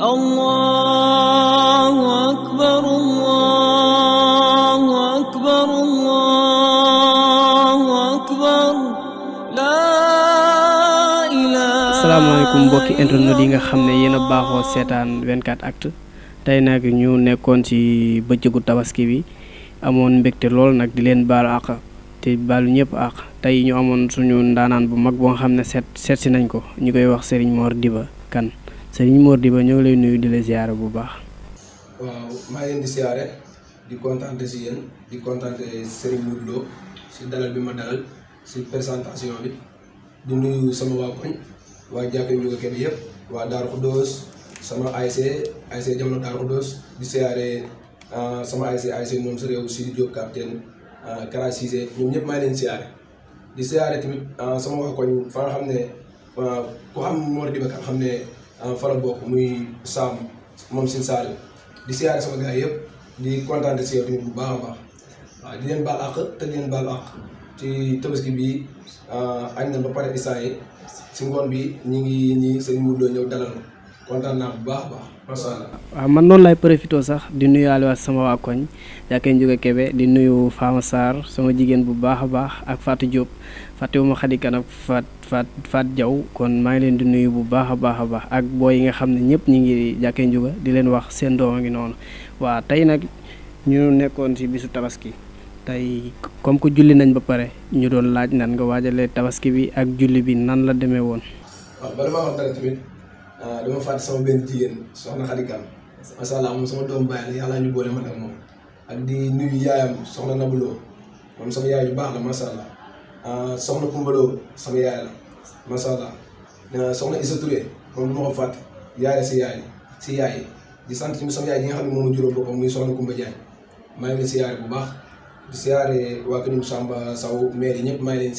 الله أكبر الله mbokki internet yi nga xam ne yéen a baaxoo seetaan 24 actu tey nag ñu nekkoon ci bëccëgu tabaski bi amoon mbégte lool nag di leen baalu àq te baalu ñépp àq tey ñu amoon suñu ndaanaan bu mag boo nga xam ne seet seet nañ ko ñu koy wax Serigne Mor Diba kan Serigne Mor Diba ñoo ngi nuyu di la ziyaare bu baax. waaw maa ngi leen di ziyaare di kontaante si yéen di kontaante Serigne Modou Lo si dalal bi ma dalal si présentation bi di nuyu sama waa koñ waa jàkka Ndiouga Kébé yëpp waa Darou Khoudoss sama ASC ASC jamono Darou Khoudoss di ziyaare ah, sama ASC ASC moom sa réew Sidi Diop capitaine ah, Kara Cissé ñëpp maa leen di di ziyaare tamit ah, sama waa koñ fa xam ne ku xam Mor Diba kan xam ne. fa la bokk muy Samb moom sin Saalum di siyaare sama gars yëpp di kontaan si yow tamit bu baax a baax waaw di leen baal àq te leen baal àq ci tabaski bi ah, añ na ba pare isaa yi si ngoon bi ñu ngi ñi sëñ Mourlo ñëw dalal kontaan naa bu baax a baax macha allah. waaw man noonu lay profité sax di nuyu Aliou sama waa koñ yaakaar jóge Kébé di nuyu Fama Sarr sama jigéen bu baax a baax ak Fatou Diop fàttewuma xadi kan ak Fat faat Diaw kon maa ngi leen di nuyu bu baax a baax a baax ak boo yi nga xam ne ñëpp ñu ngi jàkkee njuga di leen wax seen doom a ngi noonu waa tey nag ñu nekkoon ci bisu tabaski tey comme que julli nañ ba pare ñu doon laaj nan nga waajalee tabaski bi ak julli bi nan la demee woon. waaw bala maa wax dara tamit ah, dama fàtte sama benn jigéen soxna Khady Kane macha allah moom sama doom bàyyi la yàlla ñu boole man ak moom ak di nuyu yaayam soxna Nabulo moom sama Ah, soxna Koumba Lo sama yaay la macha allah soxna Issa Touré moom du ma ko fàtte yaay si yaay si yaay di sant ci sama yaay gi nga xam ne moom la juróom boppam muy soxna Koumba Diagne leen siyaare bu baax di siyaare waa Kër Sow maire ñëpp maa ngi leen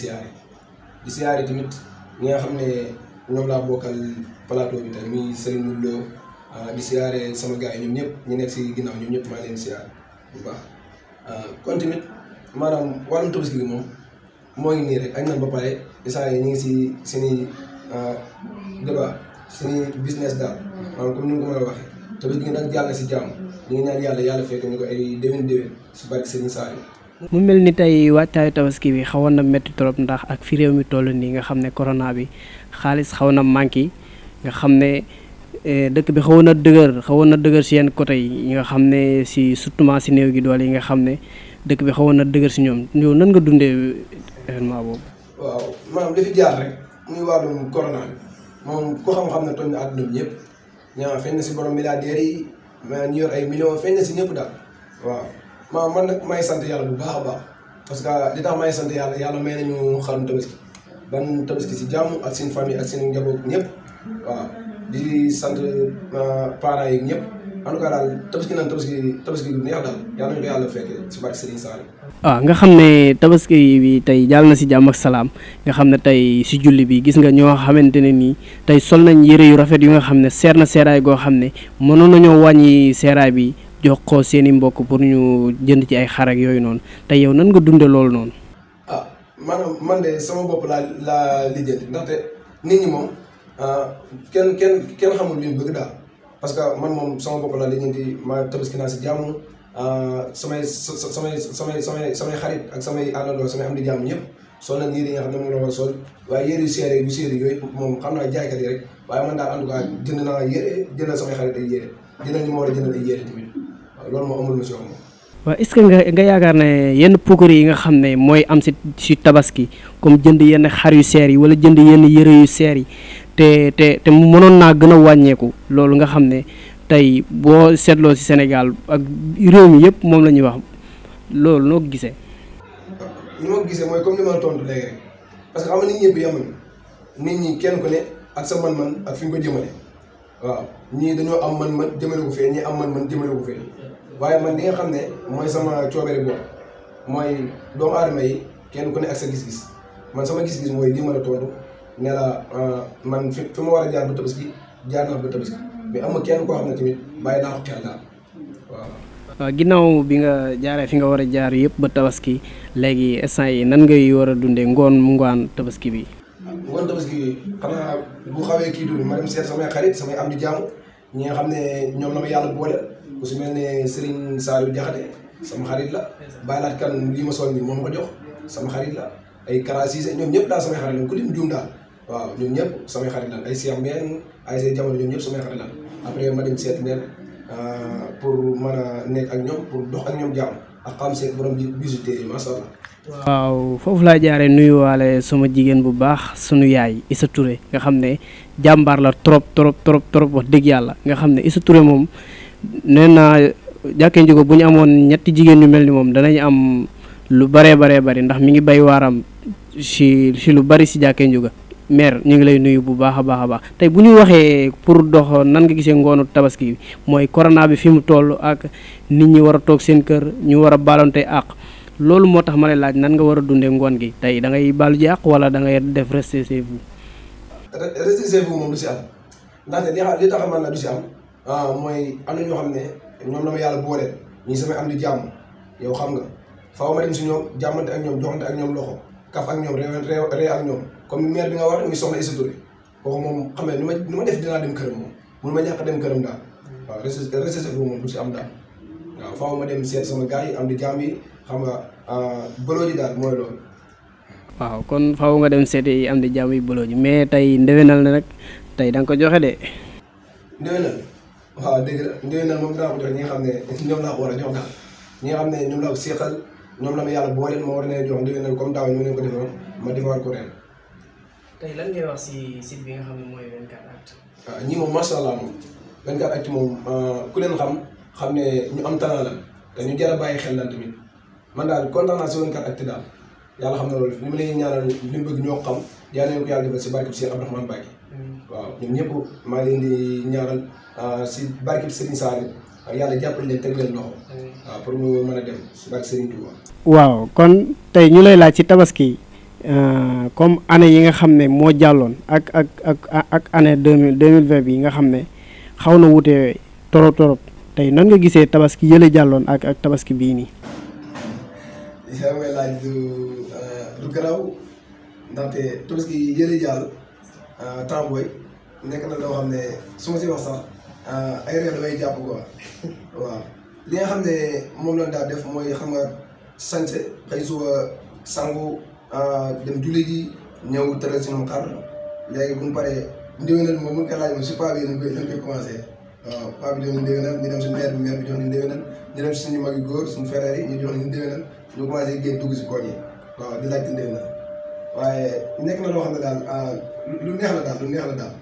siyaare di tamit ñi nga xam ne ñoom laa bokkal plateau bi tamit muy Serigne Lo ah, di siyaare sama gars yi ñoom ñëpp ñu nekk si ginnaaw ñoom ñëpp maa ngi leen siyaare bu baax ah, kon tamit maanaam wàllum tabaski gi moom. moo ngi ngi si seen euh, mu mel ni tey waajtaayu tabaski bi xawoon na metti trop ndax ak fi réew mi toll nii nga xam ne corona bi xaalis xaw na manqué nga xam ne eh, dëkk bi xawoon na dëgër xawoon na dëgër si yenn côté yi nga xam ne si surtout si néew gi doole yi nga xam ne dëkk bi xawoon na dëgër si ñoom ñoom nga dundee événement boobu. waaw maanaam li fi jaar rek muy wàllum corona bi moom ku xam-xam ne toj na àdduna bi ñëpp ñaa feeñ na si borom milliardaires yi ma ñu yor ay million feeñ na si ñëpp daal waaw maanaam man nag may sant yàlla bu baax a baax parce que li tax may sant yàlla yàlla may nañu xarum tabaski ban tabaski si jàmm ak seen famille ak seen njaboot ñëpp waaw di sant parents yi ñëpp. en tout cas daal tabaski nan tabaski tabaski gu neex daal yal ah, nga xam ne tabaski bi tey jàll na si jàmm ak salaam nga xam ne tey si julli bi gis nga ñoo xamante ne nii tey sol nañ yére yu rafet yu nga xam ne seer na seeraay goo xam ne mënoon nañoo wàññi seeraay bi jox ko seeni mbokk pour ñu jënd ci ay xar yooyu noonu tey yow nan nga dunde loolu noonu. ah man de sama bopp laa laa lijjanti ndaxte nit ñi moom ah, kenn kenn xamul li bëgg daal. parce que man moom sama bopp la li ñu di ma tabaski naa si jàmm ah, samay samay samay xarit ak samay àndandoo samay nga xam ne moom la war a sol waaye yére yu seere xam naa jaaykat rek waaye man daal en tout cas jënd naa yére jëndal samay xarit a loolu moo amul monsieur moom waaw est-ce que nga yaakaar ne yenn pukkar yi nga xam ne mooy am si tabaski comme jënd yenn xar yu seer yi wala jënd yenn yére yu seer yi te te te mënoon naa gën a wàññeeku loolu nga xam ne tey boo seetloo ci Sénégal ak réew mi yëpp moom la ñuy wax loolu noo ko gisee. ni ma gisee mooy comme ni ma parce que xam nga nit ñëpp ñi kenn ku man-man ak fi nga ko jëmale waaw ñii dañoo am man-man jëmale ko fee ñii am man-man jëmale ko fee waaye man li nga xam ne mooy sama coobere bopp mooy doomu aadama yi kenn ku ne ak sa gis-gis man sama gis-gis mooy lii ma la tontu. ne la euh, man fi fi ma war a jaar ba tabaski jaar naa ba tabaski mais am kenn koo xam ne tamit bàyyi naa ko xel daal waaw. Euh, ginnaaw bi nga jaaree fi nga war a jaar yëpp ba tabaski léegi instant yi nan ngay war a dundee ngoon mu tabaski bi. ngoon tabaski bi xanaa bu xawee kii dund ma dem seet samay xarit samay am di jaamu ñi nga xam ne ñoom la ma yàlla boole ku si mel ne Serigne Saliou Diakhaté sama xarit la. bàyyilaat kan lii ma sol nii moom ko jox sama xarit la ay Kara Cissé ñoom ñëpp daal samay xarit la ku lim juum daal. waaw ñun ñëpp samay xarit lan ay Cheikh Mbène euh, pour mën a nekk ak ñoom pour dox ak ñoom jàmm ak xam seet borom bijouterie yi macha allah. foofu laa jaaree nuyuwaale sama jigéen bu baax sunu yaay Issa nga xam ne jàmbaar la trop trop trop trop wax dëgg yàlla nga xam ne Issa Touré moom nee naa jàkkee njugo bu ñu amoon ñetti jigéen ñu mel ni moom danañu am lu baree baree bari ndax mi ngi bay waaram si si lu bari si jàkkee njugo maire ñu ngi lay nuyu bu baax a baax a baax tey bu ñu waxee pour dox nan nga gisee ngoonu tabaski bi mooy corona bi fi mu toll ak nit ñi war a toog seen kër ñu war a baalonte àq loolu moo tax ma ne laaj nan nga war a dundee ngoon gi tey dangay ngay baalu àq wala da ngay def rester chez vous. rester moom du si am ndaxte li xa li tax man na du si am ah, mooy am na ñoo xam ne ñoom la yàlla boole ñu samay am di jàmm yow xam nga faaw ma dem si ñoom. comme maire bi nga wax muy soxna Issa Touré kooku moom xam ne nu ma nu ma def dinaa dem këram moom mun ma ñàkk dem këram daal waaw recette recette moom du si am daal waaw faaw ma dem seet sama yi am di jaam xam nga ah, bëloo ji daal mooy waaw kon faaw nga dem seeti am di jaam yi bëloo ji mais tey ndéwénal na nag tey da ko joxe de. ndéwénal waaw dégg la ndéwénal moom xam ne ñoom laa ko war ñi nga xam ne ñoom laa ko seexal la ma yàlla booleel ma war nañoo tey lan ngay wax si site bi nga xam ne mooy 24actu. waaw ah, ñii moom macha allah moom 24actu moom ah, ku leen xam xam ne ñu am talent la te ñu a bàyyi xel lan tamit man daal naa si 24actu daal yàlla xam na loolu li ma leen ñaanal li mu ñoo xam yal nañu ko yàlla defal si barkeb Cheikh Abdourahmane Mbacké. waaw ñoom ah, si barkeb Serigne Saliou yàlla jàppale leen teg leen loxo. waaw pour a dem kon tey ñu lay laaj ci tabaski. Euh, comme année yi nga xam ne moo jàlloon ak ak ak ak année deux mille de mille vingt bi nga xam ne xaw na wute torop torop tey nan nga gisee tabaski yële jàlloon ak ak tabaski bii nii. yaa ngi laaj du euh, du garaaw ndaxte tabaski yële jàll euh, temps nekk na loo xam ne su si wax sax ay réew damay jàpp quoi waaw li nga xam ne moom lañ daa def mooy xam nga sañse xëy suba sangu. Euh, dem julli ji ñëw tëral sunu xar léegi bu ñu paree ndéwénal moom mun koy laaj moom si paa bi lañ koy lañ koy ñu ndéwénal ñu dem suñu mère bi mère bi jox ñu ndéwénal ñu dem suñu mag yu góor suñu frère ñu jox ñu ndéwénal ñu commencé génn dugg si koñ yi waaw di laajte ndéwénal waaye nekk na loo xam ne daal ah, lu neex la daal lu neex la daal.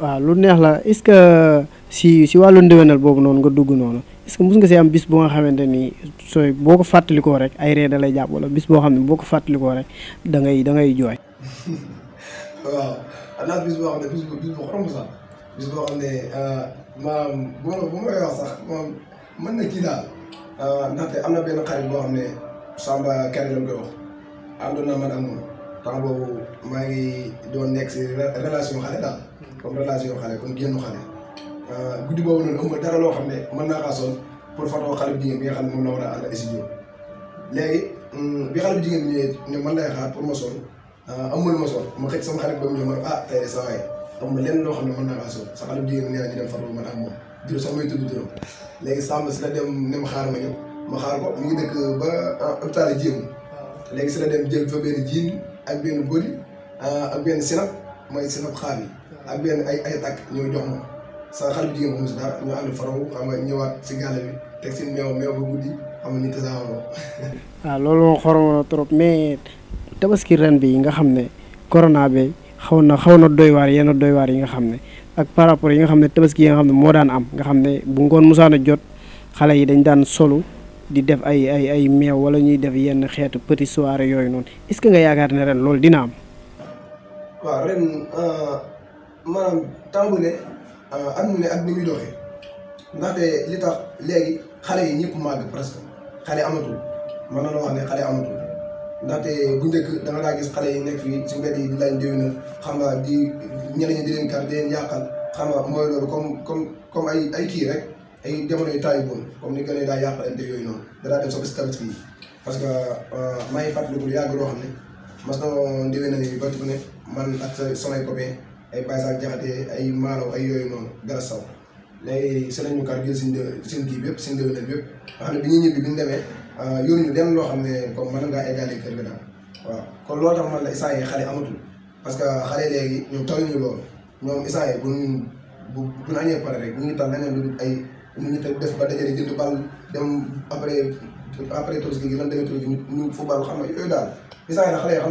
waaw lu neex la est-ce que si si wàllu ndéwénal boobu noonu nga dugg noonu est mus nga see am bis bu nga xamante ni sooy boo ko fàttalikoo rek ay ree da lay jàpp wala bis boo xam ne ko fàttalikoo rek da ngay da ngay jooy. waaw bis boo xam ne bis boobu maa ngi doon nekk si relation xale daal. comme relation xale comme génn xale euh, guddi boobu noonu ëmb dara loo xam ne man naa kaa sol pour fatoo xale bu jigéen bi nga xam ne la hmm, bi xale bu jigéen man lay xaar pour ma sol euh, amul ma sol ma xëj sama xarit ba mu ma ah tey saa waay am loo xam ne mën naa kaa sol sa xale bu jigéen nee na ñu dem fatoo man ak moom jur sax may tudd turam léegi sàmm si la dem ne ma xaar ma ñëw ma xaar ko mu ba euh, hôpital jéem léegi si la dem jël fa benn jiin ak benn bëri ak benn sinap mooy sinap xaar yi ak benn ay ay takk ñoo jox ma sa xale bi jigéen moom loolu xoromoon na trop mais tabaski ren bi nga xam ne corona bi xaw na xaw yenn doy yi nga xam ne ak par rapport yi nga xam ne tabaski yi nga xam ne moo daan am nga xam ne bu ngoon musaana jot xale yi dañ daan solu di def ay ay ay meew wala ñuy def yenn xeetu petit soirée yooyu noonu est nga yaakaar ne ren loolu dina am. Euh, maanaam temps bu ne euh, mu ne ak ni muy doxee ndaxte li tax léegi xale yi ñëpp màgg presque xale amatul man na la wax ne xale amatul ndaxte bu njëkk da nga daa gis xale yi nekk fii si mbedd yi di lañ déwénal xam nga di yàqal xam nga mooy loolu comme comme comme ay ay kii rek boon comme ni gën a daa yàqalante yooyu noonu danaa dem soog si tamit yi parce que euh, maa ngi fàttaliku lu yàgg loo xam ne mas na déwénal yi ba ne man ak samay copain ay Baysal jaxate ay maalaw ay yooyu noonu dara saw léegi si lañ ñu kar jël seen seen bi yëpp seen déwénal bi yëpp nga xam ne bi ñuy ñibbi bi ñu ah, dem loo xam ne comme mën ngaa égaler kër ga daal waaw kon loolu tax man que xale léegi ñoom taw ñu yi buñ bu buñ añee pare rek ñu tal leneen def ba dajale jënd bal dem après après Tabaski gi xam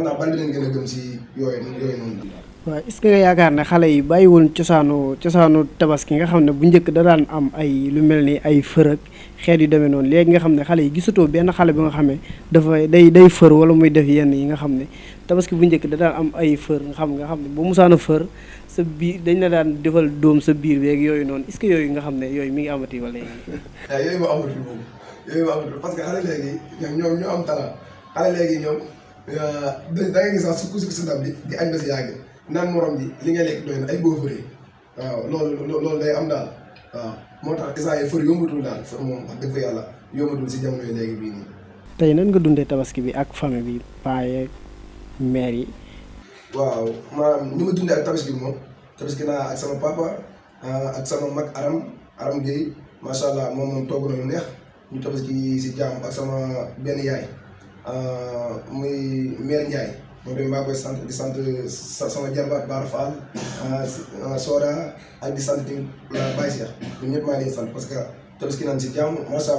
naa ban bi leen gën a si yooyu yooyu noonu waaw est-ce que yaakaar ne xale yi bàyyiwul cosaanu cosaanu tabaski nga xam ne bu njëkk da daan am ay lu mel ni ay fër xeet yu demee noonu léegi nga xam ne xale yi gisatoo benn xale bi nga xamee dafa day day fër wala muy def yenn yi nga xam ne tabaski bu njëkk da am ay fër xam nga xam ne bu musaan sa biir dañ la daan defal dóom sa biir beeg yooyu noonu est-ce yooyu nga xam ne yooyu mi ngi amati wala yooyu eh, ma amatul parce que xale léegi ñoom ñoom ñoo am talent xale léegi ñoom euh, da gis sax sukk sukk si ndab bi di añ ba si yàgg naan morom bi li nga lekk doy na ay boobu waaw loolu loolu day am daal waaw moo tax instant yii fër yombatul daal fër moom wax dëgg yàlla yombatul si jamono yi léegi bii nii. tey nan nga dundee tabaski bi ak famille bi paaye mère yi. waaw maanaam ni ma dundee ak tabaski bi moom tabaski naa ak sama papa ah, ak sama mag Aram Aram Gueye macha allah moom moom togg na neex ñu tabaski si jàmm ak sama benn yaay ah, muy mère Ndiaye. moom tamit maa sant di sant sama jàmbaar Bara Fall ah, ah, Soda ak di sant tamit ah, Baye parce que tabaski naan si jàmm macha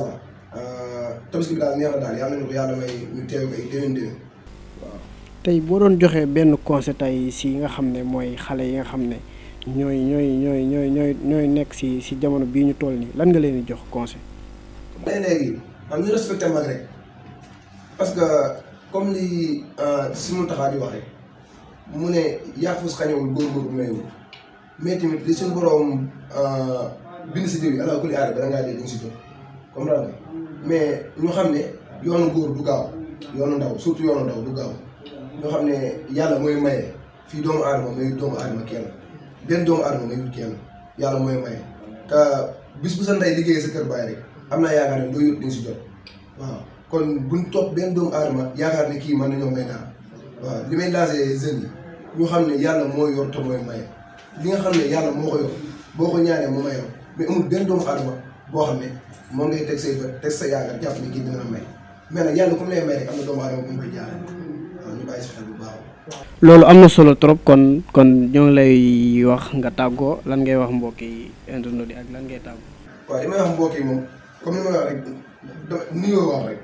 tey boo doon joxee benn conseil tey si nga xam ne mooy xale yi nga xam ne ñooy ñooy ñooy nekk si si jamono bii ñu toll nii lan nga leen di jox conseil. léeg-léegi am ñu rek parce que. comme li euh, suñu taxaa di wax waxee mu ne yaafus xañewul góor-góor bu mayewul mais tamit li suñu borom euh, bind si jiw yi ala kulli aada bala ngaa dee duñ si jot comme daal mais ñu xam ne yoonu góor du gaaw yoonu ndaw surtout yoonu ndaw yàlla mooy maye fii doomu aadama mooy doomu aadama kenn benn doomu aadama mayul kenn yàlla mooy maye te bis bu sa ndey liggéeyee sa kër baay rek am naa yaakaar ne doo yót duñ si jot waaw. kon buñ topp benn doomu aadama yaakaar ne kii mën nañoo may dara waaw li may laajee jeunes ñu xam ne yàlla moo yor te nga xam ne yàlla moo ko yor boo boo xam ne moom ngay teg say bët teg comme lay may am na doomu aadama waaw ñu loolu am na solo trop kon kon ñoo lay wax nga tàggoo lan ngay wax mbokk yi internet ak lan ngay tàggoo. waaw li may wax mbokk yi wax rek.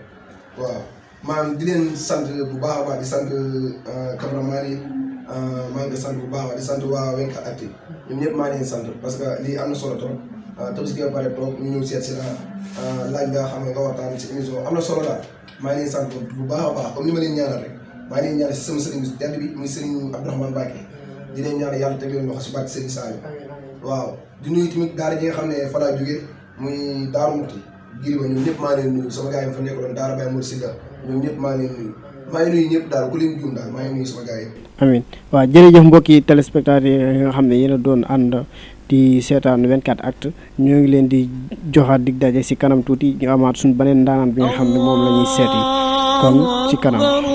waaw maanaam di leen sant bu baax a baax di sant euh, cameraman yi euh, maa ngi sant bu baax a baax di sant waa 24actu ñun ñëpp maa ngi parce que lii am na solo trop euh, Tabaski ba xam ne nga waxtaan si émission am na solo daal maa ngi leen bu baax a baax comme ni muy sëriñ Abdourahmane di leen ñaanal yàlla teg leen waaw di nuyu tamit nga xam ne fa laa jógee muy Girima ñoom ñëpp maa ngi leen nuyu sama gars yi fa nekkoon Daara Baye Mor Sida ñoom ñëpp maa ngi leen maa ngi nuyu ñëpp daal ku leen juum daal maa ngi nuyu sama gars yi. amiin waaw jërëjëf mbokki téléspectateurs yi nga xam ne yéen a doon ànd di seetaan 24 actu ñoo ngi leen di joxaat dig daje si kanam tuuti ñu amaat suñu beneen ndaanaan bi nga xam ne moom la ñuy seeti kon ci kanam.